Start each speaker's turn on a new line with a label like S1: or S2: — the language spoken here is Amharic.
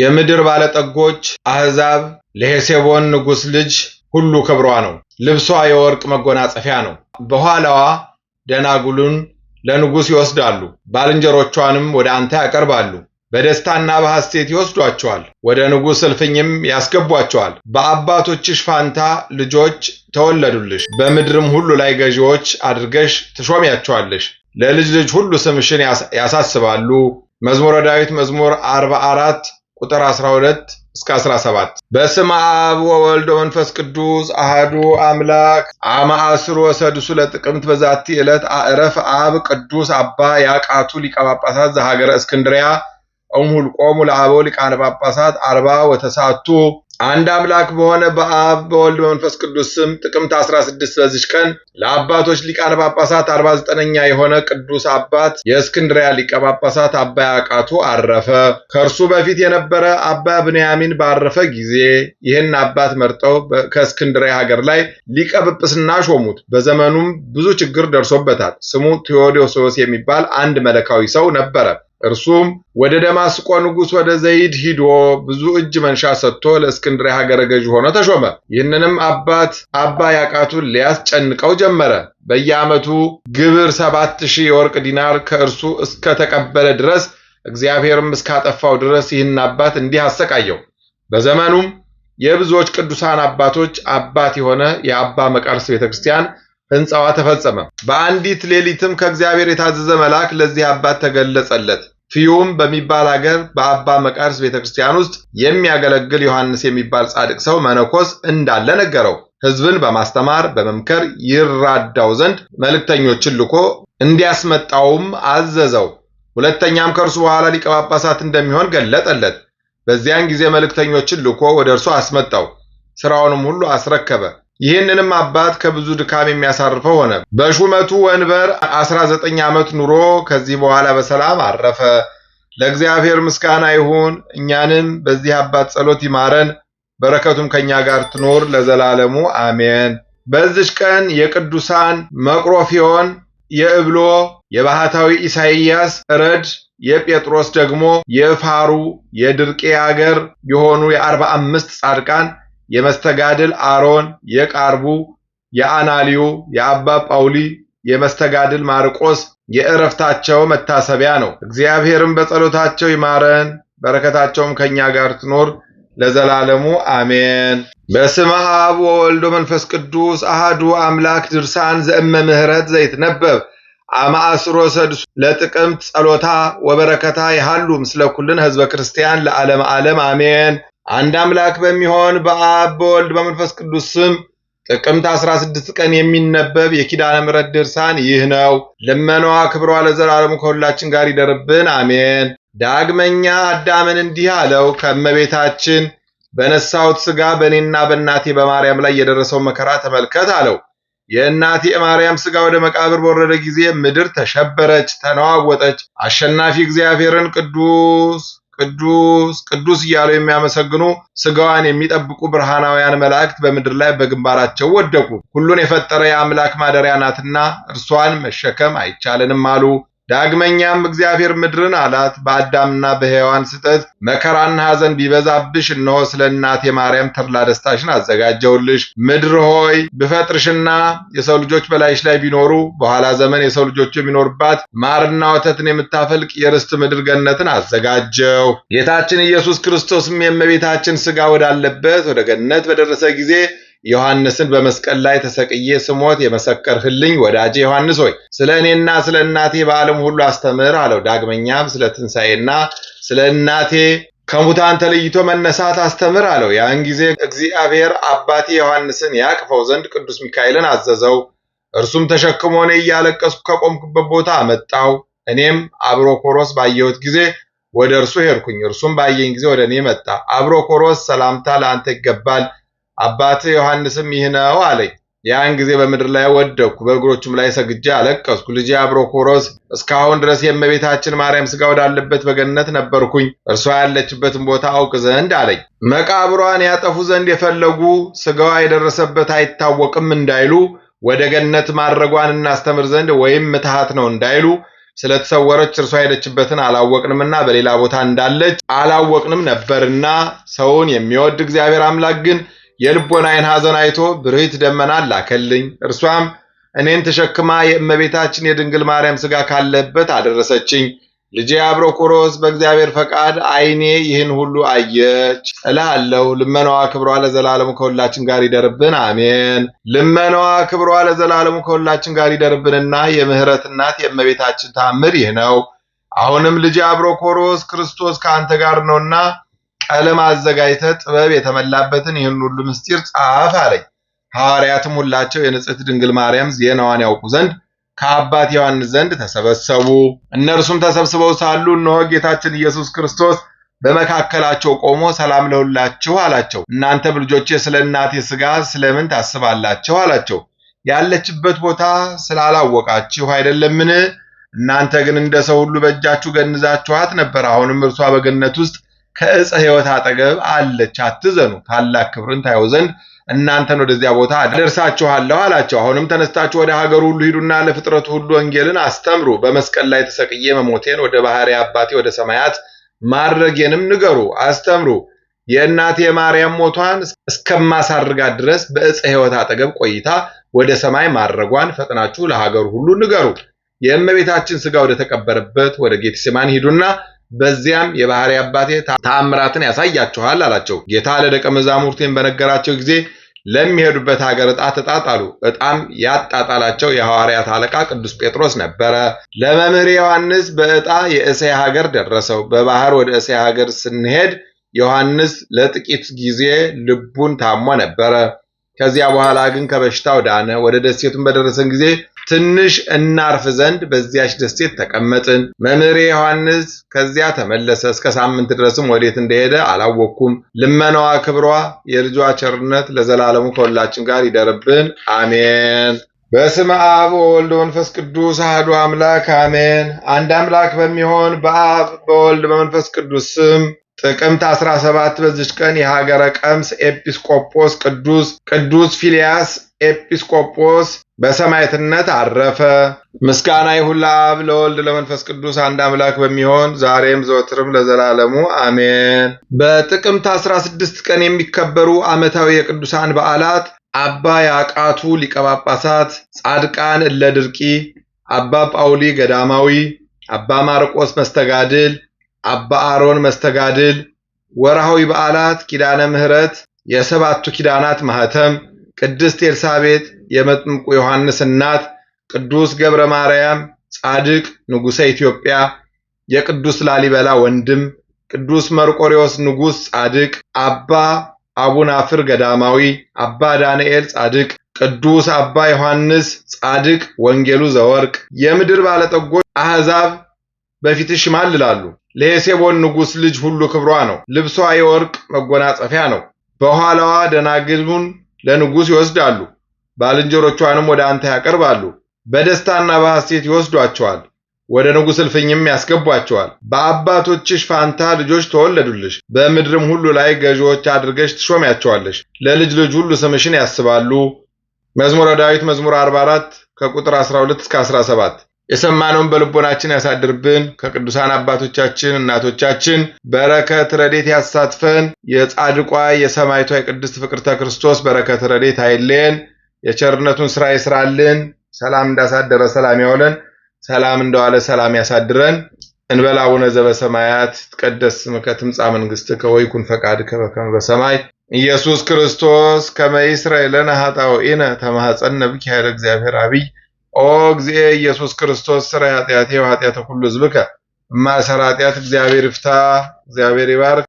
S1: የምድር ባለጠጎች አሕዛብ ለሄሴቦን ንጉሥ ልጅ ሁሉ ክብሯ ነው። ልብሷ የወርቅ መጎናጸፊያ ነው። በኋላዋ ደናጉሉን ለንጉሥ ይወስዳሉ፣ ባልንጀሮቿንም ወደ አንተ ያቀርባሉ። በደስታና በሐሴት ይወስዷቸዋል፣ ወደ ንጉሥ እልፍኝም ያስገቧቸዋል። በአባቶችሽ ፋንታ ልጆች ተወለዱልሽ፣ በምድርም ሁሉ ላይ ገዢዎች አድርገሽ ትሾሚያቸዋለሽ። ለልጅ ልጅ ሁሉ ስምሽን ያሳስባሉ። መዝሙረ ዳዊት መዝሙር 44 ቁጥር 12 እስከ 17 በስም አብ ወወልድ ወመንፈስ ቅዱስ አህዱ አምላክ አመ አስሩ ወሰድሱ ለጥቅምት በዛቲ ዕለት አዕረፈ አብ ቅዱስ አባ ያቃቱ ሊቀ ጳጳሳት ዘሀገረ እስክንድሪያ እምሁልቆሙ ለአበው ሊቃነ ጳጳሳት አርባ ወተሳቱ አንድ አምላክ በሆነ በአብ በወልድ በመንፈስ ቅዱስ ስም ጥቅምት 16 በዚች ቀን ለአባቶች ሊቃነ ጳጳሳት 49ኛ የሆነ ቅዱስ አባት የእስክንድሪያ ሊቀ ጳጳሳት አባ ያቃቱ አረፈ። ከእርሱ በፊት የነበረ አባ ብንያሚን ባረፈ ጊዜ ይህን አባት መርጠው ከእስክንድሪያ ሀገር ላይ ሊቀ ጵጵስና ሾሙት። በዘመኑም ብዙ ችግር ደርሶበታል። ስሙ ቴዎዶሶስ የሚባል አንድ መለካዊ ሰው ነበረ። እርሱም ወደ ደማስቆ ንጉሥ ወደ ዘይድ ሂዶ ብዙ እጅ መንሻ ሰጥቶ ለእስክንድርያ ሀገረ ገዥ ሆኖ ተሾመ። ይህንንም አባት አባ ያቃቱን ሊያስጨንቀው ጀመረ። በየዓመቱ ግብር ሰባት ሺህ የወርቅ ዲናር ከእርሱ እስከተቀበለ ድረስ እግዚአብሔርም እስካጠፋው ድረስ ይህን አባት እንዲህ አሰቃየው። በዘመኑም የብዙዎች ቅዱሳን አባቶች አባት የሆነ የአባ መቃርስ ቤተክርስቲያን ሕንፃዋ ተፈጸመ። በአንዲት ሌሊትም ከእግዚአብሔር የታዘዘ መልአክ ለዚህ አባት ተገለጸለት። ፊዩም በሚባል አገር በአባ መቃርስ ቤተ ክርስቲያን ውስጥ የሚያገለግል ዮሐንስ የሚባል ጻድቅ ሰው መነኮስ እንዳለ ነገረው። ሕዝብን በማስተማር በመምከር ይራዳው ዘንድ መልእክተኞችን ልኮ እንዲያስመጣውም አዘዘው። ሁለተኛም ከእርሱ በኋላ ሊቀ ጳጳሳት እንደሚሆን ገለጠለት። በዚያን ጊዜ መልእክተኞችን ልኮ ወደ እርሱ አስመጣው። ሥራውንም ሁሉ አስረከበ። ይህንንም አባት ከብዙ ድካም የሚያሳርፈው ሆነ። በሹመቱ ወንበር 19 ዓመት ኑሮ ከዚህ በኋላ በሰላም አረፈ። ለእግዚአብሔር ምስጋና ይሁን። እኛንም በዚህ አባት ጸሎት ይማረን፣ በረከቱም ከእኛ ጋር ትኖር ለዘላለሙ አሜን። በዚች ቀን የቅዱሳን መቅሮፊዮን፣ የእብሎ፣ የባህታዊ ኢሳይያስ ረድ የጴጥሮስ ደግሞ የፋሩ የድርቄ አገር የሆኑ የአርባ አምስት ጻድቃን የመስተጋድል አሮን፣ የቃርቡ፣ የአናሊዮ፣ የአባ ጳውሊ፣ የመስተጋድል ማርቆስ የእረፍታቸው መታሰቢያ ነው። እግዚአብሔርም በጸሎታቸው ይማረን፣ በረከታቸውም ከእኛ ጋር ትኖር ለዘላለሙ አሜን። በስመ አብ ወወልዶ መንፈስ ቅዱስ አህዱ አምላክ ድርሳን ዘእመ ምህረት ዘይትነበብ አማአስሮ ሰድሱ ለጥቅምት ጸሎታ ወበረከታ ይሃሉ ምስለ ኩልን ህዝበ ክርስቲያን ለዓለም ዓለም አሜን። አንድ አምላክ በሚሆን በአብ በወልድ በመንፈስ ቅዱስ ስም ጥቅምት 16 ቀን የሚነበብ የኪዳነ ምሕረት ድርሳን ይህ ነው። ልመኗ ክብሯ ለዘላለሙ ከሁላችን ጋር ይደርብን፣ አሜን። ዳግመኛ አዳምን እንዲህ አለው፣ ከእመቤታችን በነሳሁት ሥጋ በእኔና በእናቴ በማርያም ላይ የደረሰው መከራ ተመልከት አለው። የእናቴ ማርያም ሥጋ ወደ መቃብር በወረደ ጊዜ ምድር ተሸበረች፣ ተነዋወጠች። አሸናፊ እግዚአብሔርን ቅዱስ ቅዱስ ቅዱስ እያሉ የሚያመሰግኑ ስጋዋን የሚጠብቁ ብርሃናውያን መላእክት በምድር ላይ በግንባራቸው ወደቁ። ሁሉን የፈጠረ የአምላክ ማደሪያ ናትና እርሷን መሸከም አይቻለንም አሉ። ዳግመኛም እግዚአብሔር ምድርን አላት፣ በአዳምና በሔዋን ስህተት መከራና ሐዘን ቢበዛብሽ፣ እነሆ ስለ እናቴ ማርያም ተድላ ደስታሽን አዘጋጀውልሽ። ምድር ሆይ ብፈጥርሽና የሰው ልጆች በላይሽ ላይ ቢኖሩ በኋላ ዘመን የሰው ልጆች የሚኖርባት ማርና ወተትን የምታፈልቅ የርስት ምድር ገነትን አዘጋጀው። ጌታችን ኢየሱስ ክርስቶስም የእመቤታችን ሥጋ ወዳለበት ወደ ገነት በደረሰ ጊዜ ዮሐንስን በመስቀል ላይ ተሰቅዬ ስሞት የመሰከርህልኝ ወዳጄ ዮሐንስ ሆይ ስለ እኔና ስለ እናቴ በዓለም ሁሉ አስተምር አለው። ዳግመኛም ስለ ትንሣኤና ስለ እናቴ ከሙታን ተለይቶ መነሳት አስተምር አለው። ያን ጊዜ እግዚአብሔር አባቴ ዮሐንስን ያቅፈው ዘንድ ቅዱስ ሚካኤልን አዘዘው። እርሱም ተሸክሞ እኔ እያለቀስኩ ከቆምኩበት ቦታ አመጣው። እኔም አብሮኮሮስ ባየሁት ጊዜ ወደ እርሱ ሄድኩኝ። እርሱም ባየኝ ጊዜ ወደ እኔ መጣ። አብሮኮሮስ ሰላምታ ለአንተ ይገባል አባትህ ዮሐንስም ይህ ነው አለኝ። ያን ጊዜ በምድር ላይ ወደኩ በእግሮቹም ላይ ሰግጄ አለቀስኩ። ልጄ አብሮኮሮስ እስካሁን ድረስ የእመቤታችን ማርያም ሥጋ ወዳለበት በገነት ነበርኩኝ፣ እርሷ ያለችበትን ቦታ አውቅ ዘንድ አለኝ። መቃብሯን ያጠፉ ዘንድ የፈለጉ ሥጋዋ የደረሰበት አይታወቅም እንዳይሉ፣ ወደ ገነት ማድረጓን እናስተምር ዘንድ ወይም ምትሃት ነው እንዳይሉ ስለተሰወረች እርሷ ሄደችበትን አላወቅንምና በሌላ ቦታ እንዳለች አላወቅንም ነበርና ሰውን የሚወድ እግዚአብሔር አምላክ ግን የልቦናዬን ሐዘን አይቶ ብርህት ደመና ላከልኝ። እርሷም እኔን ተሸክማ የእመቤታችን የድንግል ማርያም ሥጋ ካለበት አደረሰችኝ። ልጄ አብሮኮሮስ በእግዚአብሔር ፈቃድ ዓይኔ ይህን ሁሉ አየች እልሃለሁ። ልመናዋ ክብሯ ለዘላለሙ ከሁላችን ጋር ይደርብን፣ አሜን። ልመናዋ ክብሯ ለዘላለሙ ከሁላችን ጋር ይደርብንና የምሕረት እናት የእመቤታችን ታምር ይህ ነው። አሁንም ልጄ አብሮኮሮስ ክርስቶስ ከአንተ ጋር ነውና ቀለም አዘጋጅተ ጥበብ የተመላበትን ይህን ሁሉ ምስጢር ጻፍ አለኝ። ሐዋርያትም ሁላቸው የንጽሕት ድንግል ማርያም ዜናዋን ያውቁ ዘንድ ከአባት ዮሐንስ ዘንድ ተሰበሰቡ። እነርሱም ተሰብስበው ሳሉ እነሆ ጌታችን ኢየሱስ ክርስቶስ በመካከላቸው ቆሞ ሰላም ለሁላችሁ አላቸው። እናንተም ልጆቼ ስለ እናቴ ሥጋ ስለምን ታስባላችሁ? አላቸው። ያለችበት ቦታ ስላላወቃችሁ አይደለምን? እናንተ ግን እንደ ሰው ሁሉ በእጃችሁ ገንዛችኋት ነበር። አሁንም እርሷ በገነት ውስጥ ከእፀ ሕይወት አጠገብ አለች፣ አትዘኑ፣ ታላቅ ክብርን ታየው ዘንድ እናንተን ወደዚያ ቦታ አደርሳችኋለሁ አላቸው። አሁንም ተነስታችሁ ወደ ሀገሩ ሁሉ ሂዱና ለፍጥረቱ ሁሉ ወንጌልን አስተምሩ። በመስቀል ላይ ተሰቅዬ መሞቴን ወደ ባሕሪ አባቴ ወደ ሰማያት ማድረጌንም ንገሩ፣ አስተምሩ። የእናቴ የማርያም ሞቷን እስከማሳርጋት ድረስ በእፀ ሕይወት አጠገብ ቆይታ ወደ ሰማይ ማድረጓን ፈጥናችሁ ለሀገሩ ሁሉ ንገሩ። የእመቤታችን ስጋ ወደ ተቀበረበት ወደ ጌቴሴማኒ ሂዱና በዚያም የባህሪ አባቴ ተአምራትን ያሳያችኋል አላቸው። ጌታ ለደቀ መዛሙርቴን በነገራቸው ጊዜ ለሚሄዱበት ሀገር ዕጣ ተጣጣሉ። ዕጣም ያጣጣላቸው የሐዋርያት አለቃ ቅዱስ ጴጥሮስ ነበረ። ለመምህር ዮሐንስ በዕጣ የእስያ ሀገር ደረሰው። በባህር ወደ እስያ ሀገር ስንሄድ ዮሐንስ ለጥቂት ጊዜ ልቡን ታሞ ነበረ። ከዚያ በኋላ ግን ከበሽታው ዳነ። ወደ ደሴቱን በደረሰን ጊዜ ትንሽ እናርፍ ዘንድ በዚያች ደሴት ተቀመጥን። መምህሬ ዮሐንስ ከዚያ ተመለሰ። እስከ ሳምንት ድረስም ወዴት እንደሄደ አላወቅኩም። ልመናዋ፣ ክብሯ፣ የልጇ ቸርነት ለዘላለሙ ከሁላችን ጋር ይደርብን፣ አሜን። በስመ አብ ወወልድ ወመንፈስ ቅዱስ አህዱ አምላክ አሜን። አንድ አምላክ በሚሆን በአብ በወልድ በመንፈስ ቅዱስ ስም ጥቅምት 17 በዚች ቀን የሀገረ ቀምስ ኤጲስቆጶስ ቅዱስ ቅዱስ ፊልያስ ኤጲስቆጶስ በሰማዕትነት አረፈ። ምስጋና ይሁን ለአብ ለወልድ ለመንፈስ ቅዱስ አንድ አምላክ በሚሆን ዛሬም ዘወትርም ለዘላለሙ አሜን። በጥቅምት 16 ቀን የሚከበሩ ዓመታዊ የቅዱሳን በዓላት አባ ያቃቱ ሊቀ ጳጳሳት፣ ጻድቃን እለድርቂ፣ አባ ጳውሊ ገዳማዊ፣ አባ ማርቆስ መስተጋድል፣ አባ አሮን መስተጋድል። ወርሃዊ በዓላት ኪዳነ ምሕረት፣ የሰባቱ ኪዳናት ማህተም ቅድስት ኤልሳቤጥ የመጥምቁ ዮሐንስ እናት፣ ቅዱስ ገብረ ማርያም ጻድቅ ንጉሠ ኢትዮጵያ፣ የቅዱስ ላሊበላ ወንድም፣ ቅዱስ መርቆሪዎስ ንጉሥ ጻድቅ፣ አባ አቡናፍር ገዳማዊ፣ አባ ዳንኤል ጻድቅ፣ ቅዱስ አባ ዮሐንስ ጻድቅ ወንጌሉ ዘወርቅ። የምድር ባለጠጎች አሕዛብ በፊትሽ ይማልላሉ። ለሄሴቦን ንጉሥ ልጅ ሁሉ ክብሯ ነው። ልብሷ የወርቅ መጎናጸፊያ ነው። በኋላዋ ደናግሉን ለንጉሥ ይወስዳሉ፣ ባልንጀሮቿንም ወደ አንተ ያቀርባሉ። በደስታና በሐሴት ይወስዷቸዋል፣ ወደ ንጉሥ እልፍኝም ያስገቧቸዋል። በአባቶችሽ ፋንታ ልጆች ተወለዱልሽ፣ በምድርም ሁሉ ላይ ገዢዎች አድርገሽ ትሾሚያቸዋለሽ። ለልጅ ልጅ ሁሉ ስምሽን ያስባሉ። መዝሙረ ዳዊት መዝሙር 44 ከቁጥር 12 እስከ 17 የሰማነውን በልቦናችን ያሳድርብን። ከቅዱሳን አባቶቻችን እናቶቻችን በረከት ረዴት ያሳትፈን። የጻድቋ የሰማይቷ የቅድስት ፍቅርተ ክርስቶስ በረከት ረዴት አይለየን። የቸርነቱን ስራ ይስራልን። ሰላም እንዳሳደረ ሰላም ያውለን፣ ሰላም እንደዋለ ሰላም ያሳድረን። እንበል አቡነ ዘበሰማያት ይትቀደስ ስምከ ትምጻእ መንግሥትከ ወይኩን ፈቃድከ በከመ በሰማይ ኢየሱስ ክርስቶስ ከመ ይስረይ ለነ ኃጣውኢነ ተማኅፀነ ብኪ ኃይለ እግዚአብሔር አብይ ኦ እግዚእ ኢየሱስ ክርስቶስ ስራ ኃጢአቴ ወኃጢአተ ኩሉ ሕዝብከ ማሰር ኃጢአት እግዚአብሔር ይፍታ። እግዚአብሔር ይባርክ።